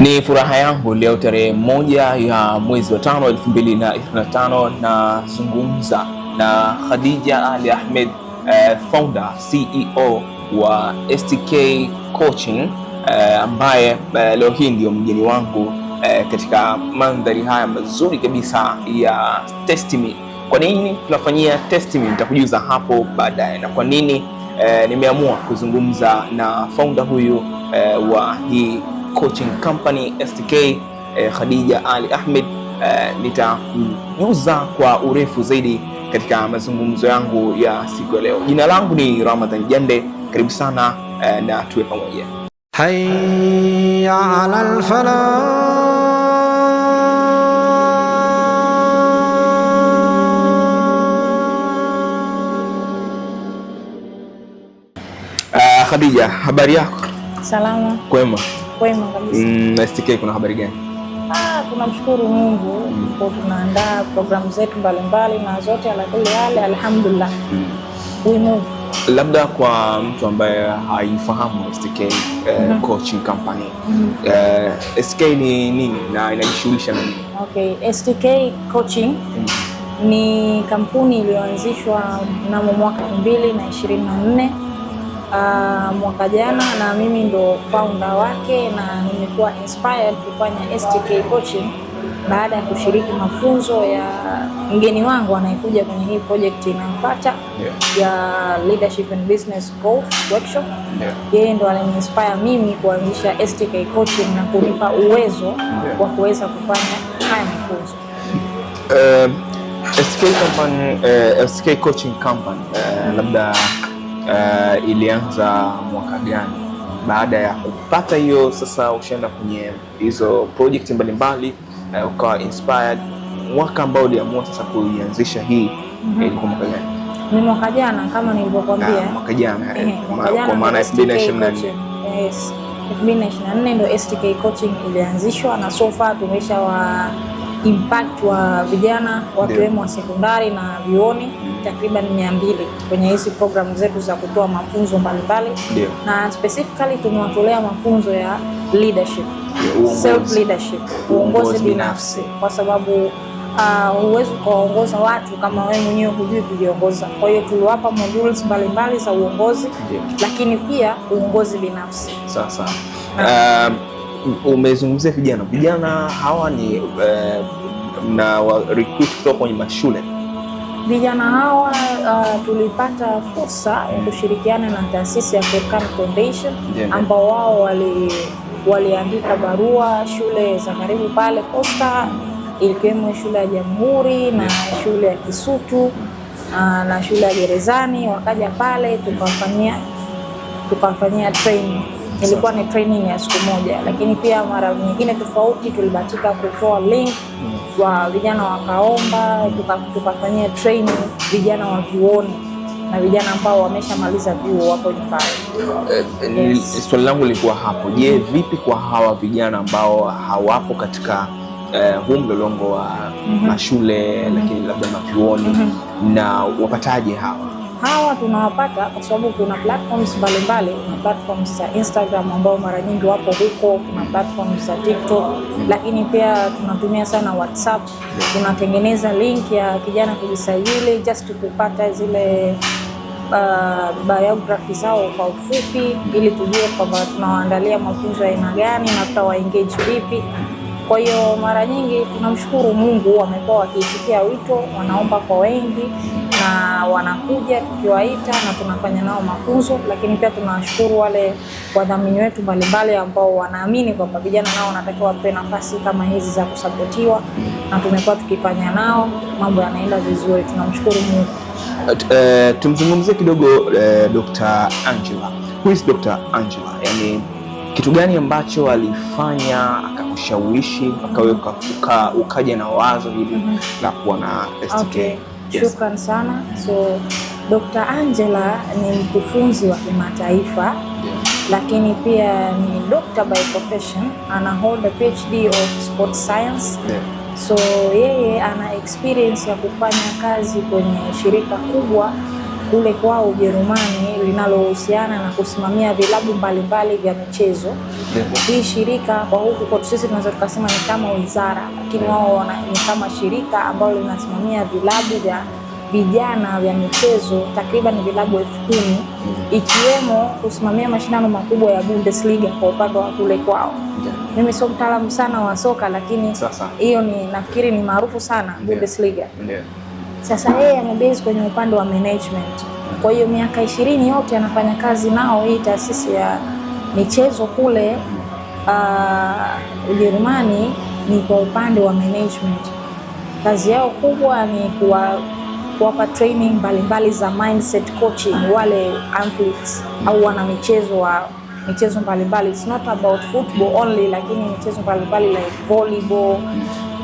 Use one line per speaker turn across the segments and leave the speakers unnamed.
Ni furaha yangu leo tarehe moja ya mwezi wa tano 2025 nazungumza na Khadija Ali Ahmed eh, founder CEO wa STK Coaching eh, ambaye eh, leo hii ndio mgeni wangu eh, katika mandhari haya mazuri kabisa ya testimi Kwa nini tunafanyia Testimi? nitakujuza hapo baadaye, na kwa nini eh, nimeamua kuzungumza na founder huyu eh, wa hii Coaching Company STK eh, Khadija Ali Ahmed eh, nitakujuza kwa urefu zaidi katika mazungumzo yangu ya siku ya leo. Jina langu ni Ramadhan Jande, karibu sana eh, na tuwe pamoja. Hayya alal falah eh, Khadija, habari yako? Salama. Kwema
kwema kabisa.
Mm, STK kuna habari gani?
Ah, tunamshukuru Mungu kwa tunaandaa programu zetu mbalimbali na zote alakuli yale alhamdulillah. Mm. We move.
Labda kwa mtu ambaye haifahamu STK eh, mm -hmm. coaching company mm -hmm. eh, STK ni nini na inajishughulisha na nini?
Okay, STK coaching mm -hmm. ni kampuni iliyoanzishwa mnamo mwaka 2024 uh, mwaka jana na mimi ndo founder wake na nimekuwa inspired kufanya STK coaching baada ya kushiriki mafunzo ya mgeni wangu anayekuja kwenye hii project inayofuata yeah. ya leadership and business growth workshop yeah. Yeye ndo aliniinspire mimi kuanzisha STK coaching na kunipa uwezo yeah. wa kuweza kufanya haya mafunzo
uh, eh, STK company, uh, eh, STK coaching company uh, labda uh, ilianza mwaka gani? Baada ya kupata hiyo sasa, ushaenda kwenye hizo project mbalimbali uh, ukawa inspired. Mwaka ambao uliamua sasa kuianzisha hii mm -hmm. ilikuwa mwaka gani?
Ni mwaka jana kama nilivyokuambia,
ah, mwaka jana eh,
kwa maana 2024. Yes, 2024 ndio STK coaching ilianzishwa na so far tumesha wa impact wa vijana wakiwemo wa sekondari na vioni takriban mia mbili kwenye hizi programu zetu za kutoa mafunzo mbalimbali, na specifically tumewatolea mafunzo ya leadership, self leadership, uongozi binafsi, kwa sababu uh, huwezi uh, ukawaongoza watu kama wewe mwenyewe hujui kujiongoza. Kwa hiyo tuliwapa modules mbalimbali za uongozi, lakini pia uongozi binafsi.
Sasa um, umezungumzia vijana, vijana hawa ni eh, na wa recruit kutoka kwenye mashule.
Vijana hawa uh, tulipata fursa ya kushirikiana na taasisi ya Furqan Foundation ambao wao wali waliandika barua shule za karibu pale Costa, ikiwemo shule ya Jamhuri na shule ya Kisutu ah, na shule ya Gerezani, wakaja pale tukawafanyia tukawafanyia training ilikuwa ni training ya siku moja, lakini pia mara nyingine tofauti tulibatika kutoa link mm. wa vijana wakaomba, tukafanyia training vijana wa vyuoni na vijana ambao wameshamaliza vyuo wako nyumbani.
Eh, yes. Swali langu lilikuwa hapo, je, mm. vipi kwa hawa vijana ambao hawapo katika eh, huu mlolongo wa mm -hmm. mashule mm -hmm. lakini labda mavyuoni mm -hmm. na wapataje hawa?
hawa tunawapata kwa sababu kuna platforms mbalimbali. Kuna platforms za Instagram ambao mara nyingi wapo huko, kuna platforms za TikTok, lakini pia tunatumia sana WhatsApp. Tunatengeneza link ya kijana kujisajili just kupata zile uh, biography zao kwa ufupi, ili tujue kwamba tunawaandalia mafunzo ya aina gani na tutawa engage vipi. Kwa hiyo mara nyingi tunamshukuru Mungu, wamekuwa wakiitikia wito, wanaomba kwa wengi wanakuja tukiwaita na tunafanya nao mafunzo, lakini pia tunawashukuru wale wadhamini wetu mbalimbali ambao wanaamini kwamba vijana nao wanatakiwa wapewe nafasi kama hizi za kusapotiwa, na tumekuwa tukifanya nao, mambo yanaenda vizuri, tunamshukuru Mungu.
Uh, tumzungumzie kidogo uh, eh, Dr. Angela. Who is Dr. Angela? Yani, kitu gani ambacho alifanya akakushawishi ukaja na wazo hili mm-hmm. la kuwa na STK? Okay.
Yes. Shukran sana. So Dr. Angela ni mkufunzi wa kimataifa Lakini pia ni doctor by profession, ana hold a PhD of sport science yeah. So yeye ana experience ya kufanya kazi kwenye shirika kubwa kule kwao Ujerumani linalohusiana na kusimamia vilabu mbalimbali vya michezo. Hii shirika kwa huku kwa sisi tunaweza tukasema ni kama wizara, lakini wao ni kama shirika ambalo linasimamia vilabu vya vijana vya michezo takriban vilabu elfu kumi ikiwemo kusimamia mashindano makubwa ya Bundesliga kwa upande wa kule kwao. Mimi sio mtaalamu sana wa soka, lakini hiyo ni nafikiri ni maarufu sana Bundesliga. Ndiyo. Sasa yeye amebase kwenye upande wa management, kwa hiyo miaka ishirini yote anafanya kazi nao hii taasisi ya michezo kule uh, Ujerumani ni kwa upande wa management. Kazi yao kubwa ni kuwa kuwapa training mbalimbali za mindset coaching wale athletes au wana michezo wa michezo mbalimbali. It's not about football only, lakini michezo mbalimbali like volleyball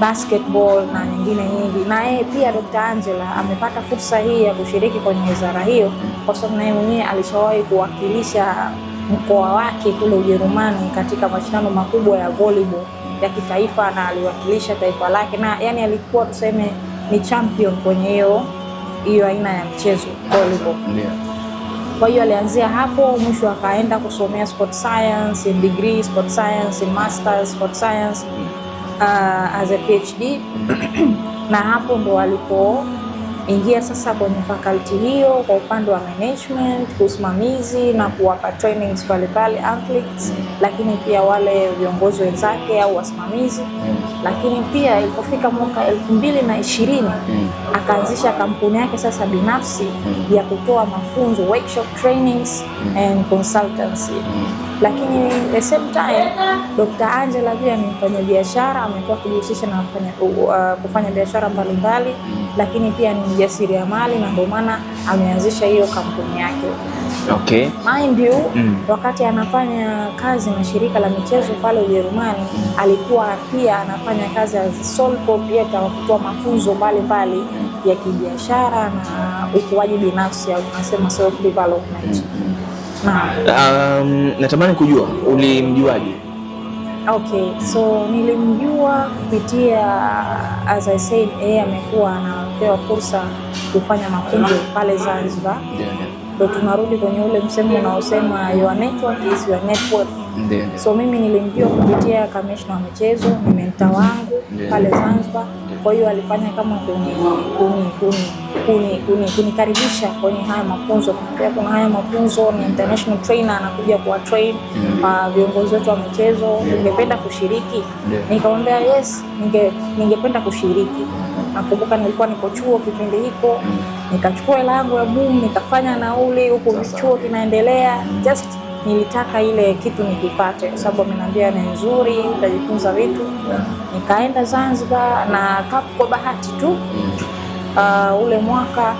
basketball na nyingine nyingi. Na yeye pia Dr. Angela amepata fursa hii ya kushiriki kwenye wizara hiyo, kwa sababu naye mwenyewe alishawahi kuwakilisha mkoa wake kule Ujerumani katika mashindano makubwa ya volleyball ya kitaifa, na aliwakilisha taifa lake, na yani alikuwa tuseme ni champion kwenye hiyo hiyo aina ya mchezo volleyball. Kwa hiyo alianzia hapo, mwisho akaenda kusomea sport science in degree, sport science in masters, sport science uh, as a PhD na hapo ndo walipoingia sasa kwenye faculty hiyo kwa upande wa management, usimamizi na kuwapa trainings pale athletes, lakini pia wale viongozi wenzake au wasimamizi. Lakini pia ilipofika mwaka elfu mbili na ishirini akaanzisha kampuni yake sasa binafsi ya kutoa mafunzo workshop, trainings and consultancy lakini the same time Dr. Angela pia ni mfanyabiashara, amekuwa kujihusisha na uh, kufanya biashara mbalimbali, lakini pia ni mjasiriamali na ndio maana ameanzisha hiyo kampuni yake. Okay. Mind you, mm. Wakati anafanya kazi na shirika la michezo pale Ujerumani alikuwa pia anafanya kazi as sole proprietor wa kutoa mafunzo mbalimbali ya kibiashara na ukuaji binafsi au tunasema self development.
Um, natamani kujua ulimjuaje?
Okay, so nilimjua kupitia as I said, yeye amekuwa anapewa fursa kufanya mafunzo pale Zanzibar, ndio tunarudi kwenye ule msemo unaosema your network is your network. Ndiyo. So mimi nilimjua kupitia kamishna wa michezo, ni menta wangu pale Zanzibar. Kwa hiyo alifanya kama kunikaribisha kwenye haya mafunzo, kuniambia kuna haya mafunzo, ni international trainer anakuja kuwa train ah, viongozi wetu wa michezo, ningependa kushiriki. Nikamwambia yes, ningependa kushiriki. Nakumbuka nilikuwa niko chuo kipindi hiko, nikachukua hela yangu ya boom, nikafanya nauli huko, chuo kinaendelea just nilitaka ile kitu nikipate, kwa sababu ameniambia ni nzuri, utajifunza vitu. Nikaenda Zanzibar na kwa bahati tu mm. uh, ule mwaka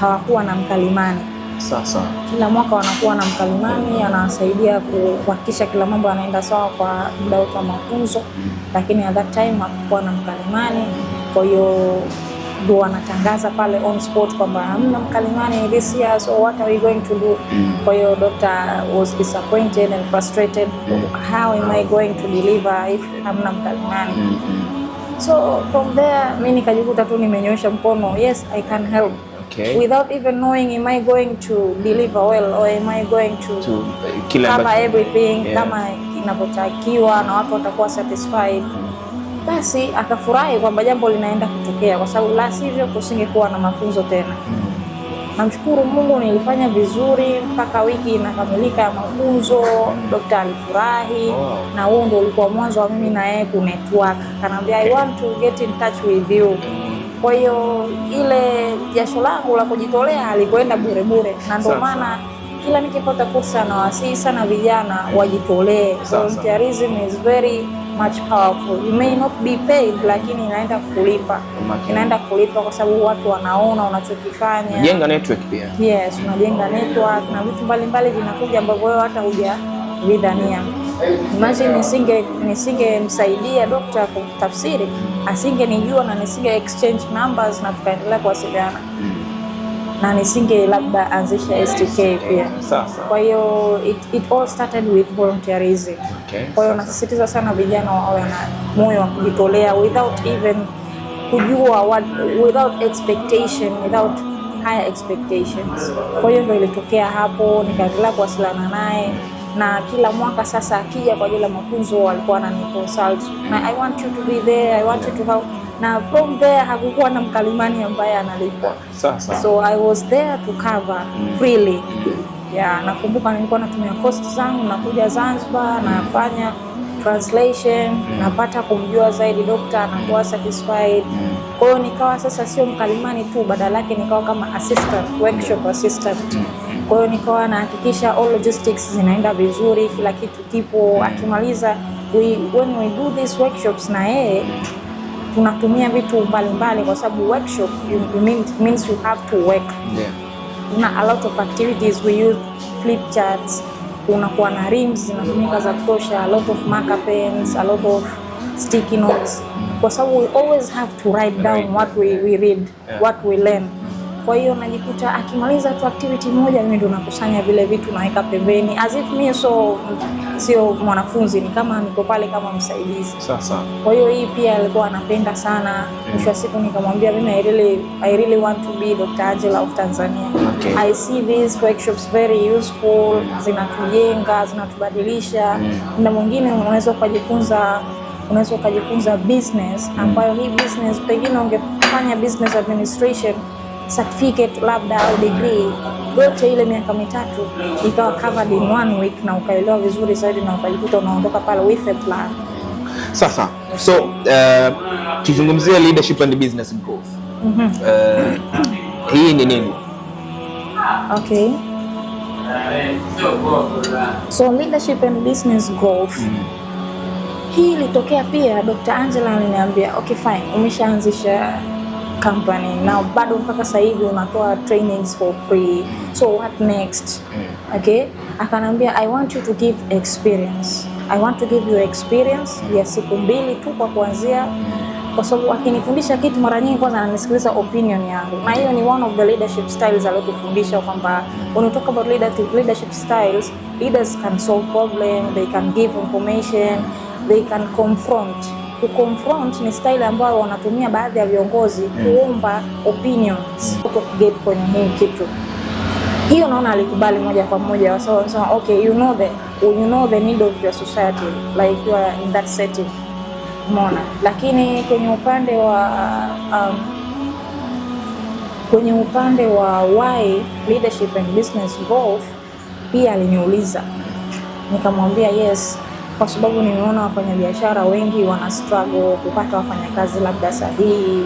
hawakuwa na mkalimani. Sasa kila mwaka wanakuwa na mkalimani, anawasaidia kuhakikisha kila mambo yanaenda sawa kwa muda wa mafunzo, mm. lakini at that time hakukuwa na mkalimani, kwa hiyo ndo wanatangaza pale on spot kwamba hamna mkalimani this year, so what are we going to do? Mm. Kwa hiyo doctor was disappointed and frustrated, mm. how am I going to deliver if hamna mkalimani? Mm-hmm. So from there mi nikajikuta tu nimenyosha mkono, yes I can help. Okay. Without even knowing am I going to deliver well or am I going to, to uh, cover everything yeah, kama inavyotakiwa na watu watakuwa satisfied. Mm basi akafurahi kwamba jambo linaenda kutokea, kwa sababu la sivyo kusingekuwa na mafunzo tena. Namshukuru Mungu, nilifanya vizuri mpaka wiki inakamilika ya mafunzo. Dokta alifurahi wow. Na huo ndo ulikuwa mwanzo wa mimi na yeye kunetwork. Kanaambia I want to get in touch with you. Kwa hiyo ile jasho langu la kujitolea alikuenda bure bure, na ndio maana kila nikipata fursa nawasihi sana vijana wajitolee. Volunteerism is very much powerful. You may not be paid, lakini inaenda kulipa, inaenda kulipa kwa sababu watu wanaona unachokifanya.
Jenga network pia.
Yes, unajenga network na vitu mbalimbali vinakuja ambavyo wewe hata huja vidhania. Imagine nisinge nisingemsaidia dokta kutafsiri, asingenijua na nisinge exchange numbers na tukaendelea kuwasiliana. Hmm na nisinge labda anzisha STK pia. Kwa hiyo it, it all started with volunteerism. kwa hiyo nasisitiza sana vijana wawe na moyo wa kujitolea without even kujua what, without expectation, without higher expectations. Kwa hiyo ndio ilitokea hapo, nikaendelea kuwasiliana naye na kila mwaka sasa akija kwa ajili ya mafunzo, walikuwa wanani consult na I want you to be there, I want you to help na from there hakukuwa na mkalimani ambaye analipwa. Sasa so I was there to cover mm. freely mm. yeah. Nakumbuka nilikuwa natumia cost zangu, nakuja Zanzibar mm. nafanya translation mm. napata kumjua zaidi dokta, anakuwa satisfied mm. Kwa hiyo nikawa sasa sio mkalimani tu, badala yake nikawa kama assistant, workshop assistant. Mm. mm. Kwa hiyo nikawa nahakikisha all logistics zinaenda vizuri, kila kitu kipo. mm. Akimaliza we, when we do these workshops na yeye mm tunatumia vitu mbalimbali kwa sababu workshop you mean, means you have to work. Yeah. Una a lot of activities we use flip charts, unakuwa na rims zinatumika za kutosha, a lot of marker pens, a lot of sticky notes. Mm. Kwa sababu we always have to write down what we, we read, yeah. what we learn kwa hiyo najikuta akimaliza tu activity moja, mimi ndo nakusanya vile vitu naweka pembeni, as if mimi so sio mwanafunzi, ni kama niko pale kama msaidizi. Sasa kwa hiyo hii pia alikuwa anapenda sana mm. mwisho wa siku nikamwambia mimi I really, I really want to be Dr. Angela of Tanzania. Okay. I see these workshops very useful, zinatujenga, zinatubadilisha. na mm. mwingine unaweza ukajifunza unaweza ukajifunza business mm. ambayo hii business pengine ungefanya business administration certificate labda au degree yote ile miaka mitatu ikawa covered in one week, na ukaelewa vizuri zaidi na ukajikuta unaondoka pale with a plan.
Sasa so uh, tuzungumzie leadership and business growth. mm -hmm. Uh, hii ni nini?
Okay, so leadership and business growth mm -hmm. Hii ilitokea pia Dr. Angela aliniambia, okay fine, umeshaanzisha company na bado mpaka sasa hivi unatoa trainings for free, so what next? mm. Okay, akanambia I want you to give experience, I want to give you experience ya siku mbili tu kwa kuanzia, kwa sababu akinifundisha kitu mara nyingi kwanza ananisikiliza opinion yangu, na hiyo ni one of the leadership styles aliyotufundisha kwamba when you talk about leadership styles, leaders can solve problem, they can give information, they can confront kuconfront ni style ambayo wanatumia baadhi ya viongozi mm. kuomba opinions kugep kwenye hii kitu hiyo naona alikubali moja kwa moja, kwa so, so, okay, you know the you know the need of your society like you are in that setting, umeona. Lakini kwenye upande wa um, kwenye upande wa why leadership and business both, pia aliniuliza, nikamwambia yes kwa sababu nimeona wafanyabiashara wengi wana struggle kupata wafanyakazi labda sahihi.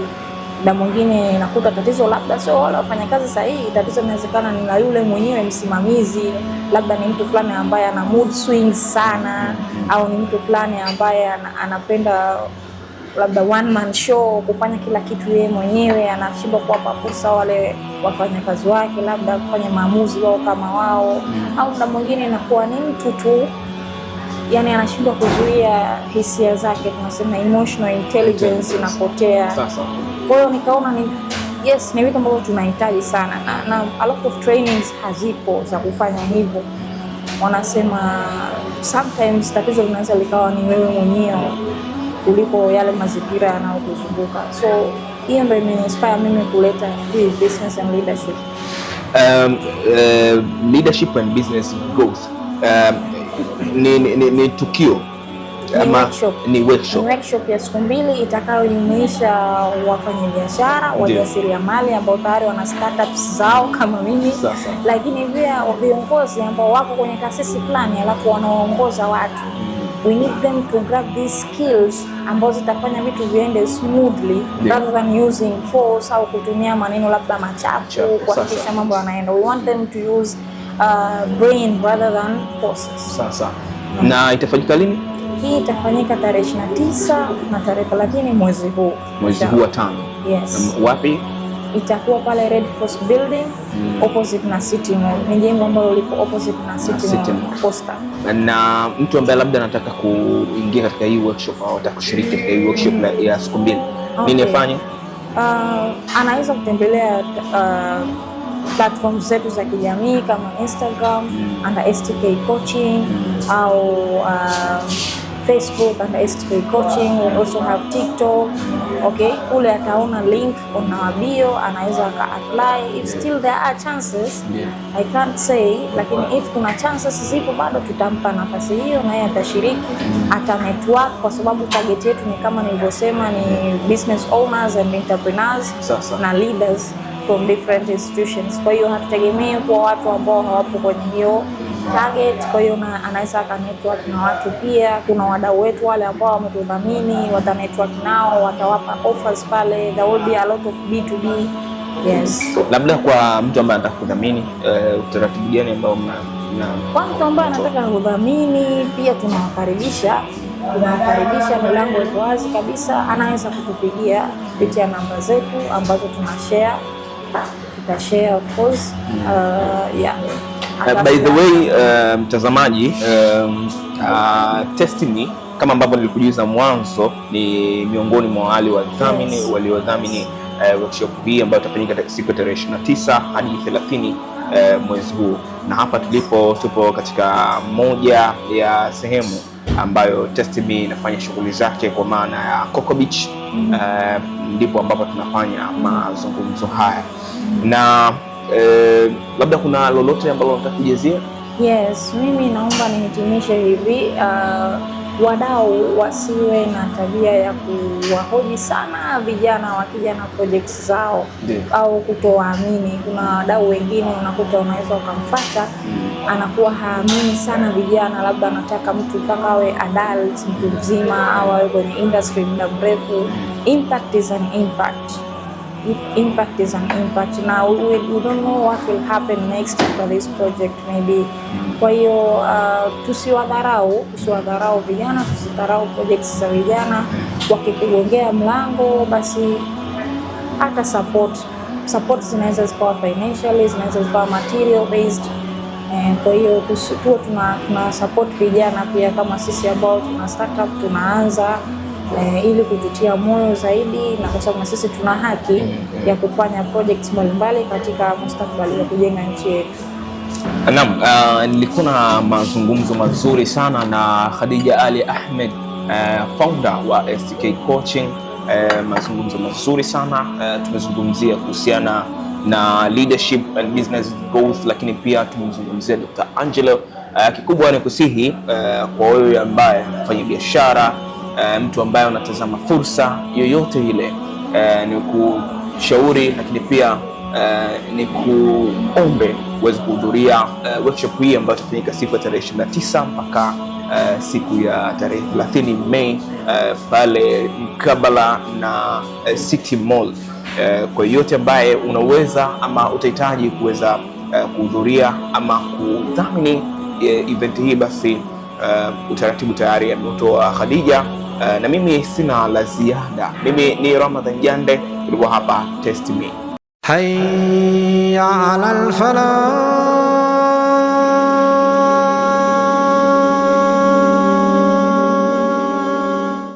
Muda mwingine nakuta tatizo labda sio wale wafanyakazi sahihi, tatizo inawezekana ni la yule mwenyewe msimamizi, labda ni mtu fulani ambaye ana mood swings sana, au ni mtu fulani ambaye anapenda labda one man show, kufanya kila kitu yeye mwenyewe, anashindwa kuwapa fursa wale wafanyakazi wake, labda kufanya maamuzi wao kama wao, au mda mwingine inakuwa ni mtu tu yani anashindwa kuzuia hisia zake, tunasema emotional intelligence inapotea. Kwa hiyo nikaona ni yes, ni vitu ambavyo tunahitaji sana na, na a lot of trainings hazipo za kufanya hivyo. Wanasema sometimes tatizo linaweza likawa ni wewe mwenyewe kuliko yale mazingira yanayokuzunguka, so hiyo ndio imeinspire mimi kuleta hii business and leadership.
Um, uh, leadership and business growth. Um, ni, ni, ni, ni tukio ama ni workshop.
Ni workshop. ya siku mbili itakayojumuisha wafanyabiashara, wajasiriamali ambao tayari wana startups zao kama mimi, lakini pia viongozi ambao wako kwenye taasisi fulani alafu wanaoongoza watu. Mm. We need them to grab these skills ambazo zitafanya vitu viende smoothly rather than using force au kutumia maneno labda machafu kuhakikisha mambo yanaenda. We want them to use uh, brain rather than forces.
Sasa na itafanyika lini?
Hii itafanyika tarehe 29 na tarehe 30 mwezi huu,
mwezi huu wa tano. Yes. Wapi?
Itakuwa pale Red Cross Building mm. opposite na City Mall. Ni jengo ambalo liko opposite na City Mall
Posta. Na mtu ambaye labda anataka kuingia katika hii workshop au anataka kushiriki katika hii workshop mm. ya siku mbili okay. nini afanye?
Uh, anaweza kutembelea uh, platform zetu za kijamii kama Instagram mm. under STK Coaching mm. au um, Facebook under STK Coaching. We also have TikTok. Okay, kule ataona link on bio, anaweza aka apply. If still there are chances, I can't say, lakini if kuna chances zipo bado tutampa nafasi hiyo na yeye atashiriki, mm. ata network kwa sababu target yetu ni kama nilivyosema, ni business owners and entrepreneurs na leaders from different institutions. Kwa hiyo hatutegemei kuwa watu ambao hawapo kwenye hiyo target. Kwa hiyo anaweza aka network na watu pia. Kuna wadau wetu wale ambao wametudhamini, wata network nao, watawapa offers pale, there will be a lot of B2B. Yes.
Labda kwa mtu ambaye anataka kudhamini, eh, utaratibu gani ambao mna
kwa mtu ambaye anataka kudhamini pia tunawakaribisha, tunawakaribisha, milango iko wazi kabisa. Anaweza kutupigia kupitia namba zetu ambazo tuna share Hmm. Uh, yeah.
Uh, by the way uh, mtazamaji um, uh, Testini kama ambavyo nilikujuza mwanzo ni miongoni mwa wale wadhamini yes, waliodhamini uh, workshop hii ambayo itafanyika siku ya tarehe 29 hadi 30 uh, mwezi huu, na hapa tulipo tupo katika moja ya sehemu ambayo TestB inafanya shughuli zake kwa maana ya Coco Beach mm -hmm. Uh, ndipo ambapo tunafanya mazungumzo haya na uh, labda kuna lolote ambalo nataka
Yes, mimi naomba nihitimishe hivi uh wadau wasiwe na tabia ya kuwahoji sana vijana wakija na projects zao, yeah. au kutowaamini. Kuna wadau wengine unakuta unaweza ukamfata mm anakuwa haamini sana vijana, labda anataka mtu mpaka awe adult, mtu mzima, au awe kwenye industry muda mrefu. Impact is an impact, impact is an impact. Na we, we don't know what will happen next after this project maybe. Kwa hiyo uh, tusiwadharau, tusiwadharau vijana, tusidharau projects za vijana. Wakikugongea mlango, basi hata support support zinaweza zikawa financially, zinaweza zikawa material based Eh, kwa hiyo tuwe tuna, tuna support vijana pia kama sisi ambao tuna startup tunaanza eh, ili kututia moyo zaidi, na kwa sababu na sisi tuna haki ya kufanya projects mbalimbali katika mustakabali wa kujenga nchi yetu.
Naam, uh, nilikuwa na mazungumzo mazuri sana na Khadija Ali Ahmed uh, founder wa STK Coaching uh, mazungumzo mazuri sana uh, tumezungumzia kuhusiana na leadership and business goals, lakini pia tumemzungumzia Dr. Angelo. Uh, kikubwa ni kusihi uh, eh, kwa wewe ambaye fanya biashara uh, mtu ambaye unatazama fursa yoyote ile uh, ni kushauri lakini pia Uh, ni kuombe uweze kuhudhuria uh, workshop hii ambayo itafanyika siku ya tarehe 29 mpaka uh, siku ya tarehe 30 Mei uh, pale mkabala na uh, City Mall. Eh, kwa yote ambaye unaweza ama utahitaji kuweza eh, kuhudhuria ama kudhamini eh, event hii basi utaratibu tayari ametoa Khadija. na mimi sina la ziada. Mimi ni Ramadhan Jande, tulikuwa hapa Test Me. Hayya alal falah